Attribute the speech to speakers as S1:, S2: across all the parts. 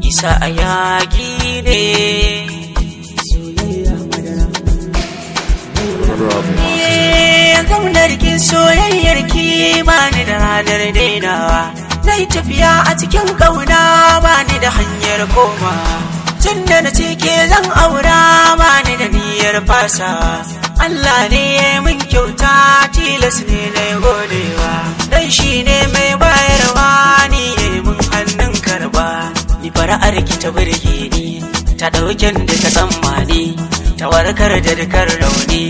S1: isa a yaƙi ne Zaunar kin soyayyar ki ba ni da ranar dainawa Zai tafiya a cikin ƙauna ba ni da hanyar koma Tun da na tike ke zan aura ba ni da niyyar fasa Allah ne mun kyauta tilas ne na godewa Dan shi ne mai Shari'ar ki ta burge ni, ta ɗaukin san tsammani, ta warkar da dukar rauni.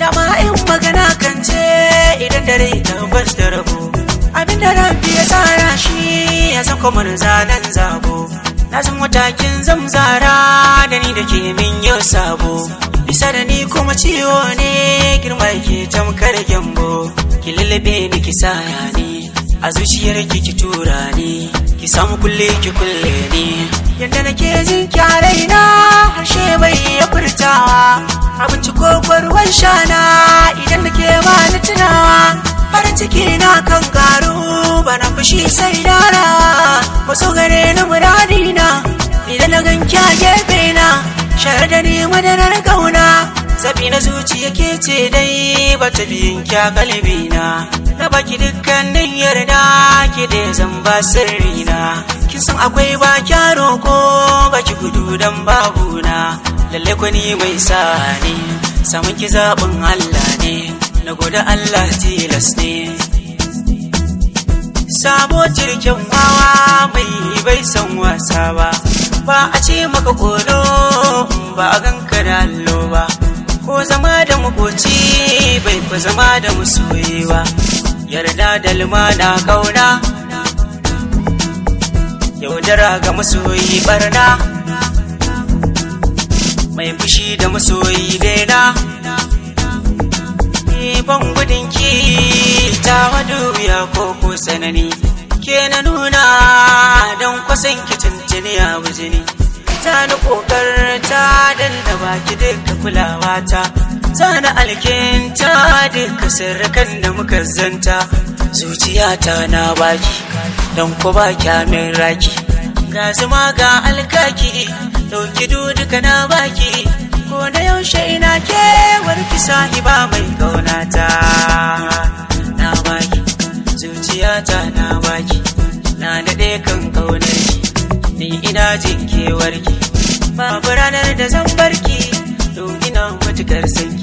S1: Dama in magana kan ce idan dare bas da rabo, abin da ran biya tsara shi ya san mana zanen zabo. Na san watakin zamzara da ni da ke min yau sabo. Bisa da ni kuma ciwo ne girma yake tamkar gyambo, ki lullube ni ki saya ni. a zuciyar ki ki tura ni ki samu kulle ki kulle ni yadda nake jin kyarai na harshe bai ya furta. abinci ko ruwan shana idan nake ba ni tunawa farin ciki na kan garu bana fushi sai dara wasu gare na muradi na na zuciya ke ce dai ba ta biyin kya galibi na na baki dukkanin yarda ki da zan ba sirri na kin san akwai ba kya roko baki gudu dan babu na lalle ku ni mai sa ne samun ki zaɓin Allah ne na gode Allah tilas ne sabo jirgin wawa mai bai san wasa ba ba a ce maka kodo ba a ganka da ko zama da makoci bai ku zama da masoyewa yarda da lumana kauna yaudara ga masoyi barna mai fushi da masoyi daina ban gudun ki ta wadu ya koko sanani ke na nuna don kwasan kitin jini a wajeni. ta ni kokarta dan da baki duka kulawa ta ta na alkinta duka sirrikan da muka zanta zuciyata na baki don ku ba kyamin raki ga zuma ga alkaki ɗauki duka na baki ko da yaushe ina kewar ki sahiba mai kaunata na baki zuciyata na baki na daɗe kan kaunar ni ina jin kewarki babu ranar da zan barki to ina matukar sanki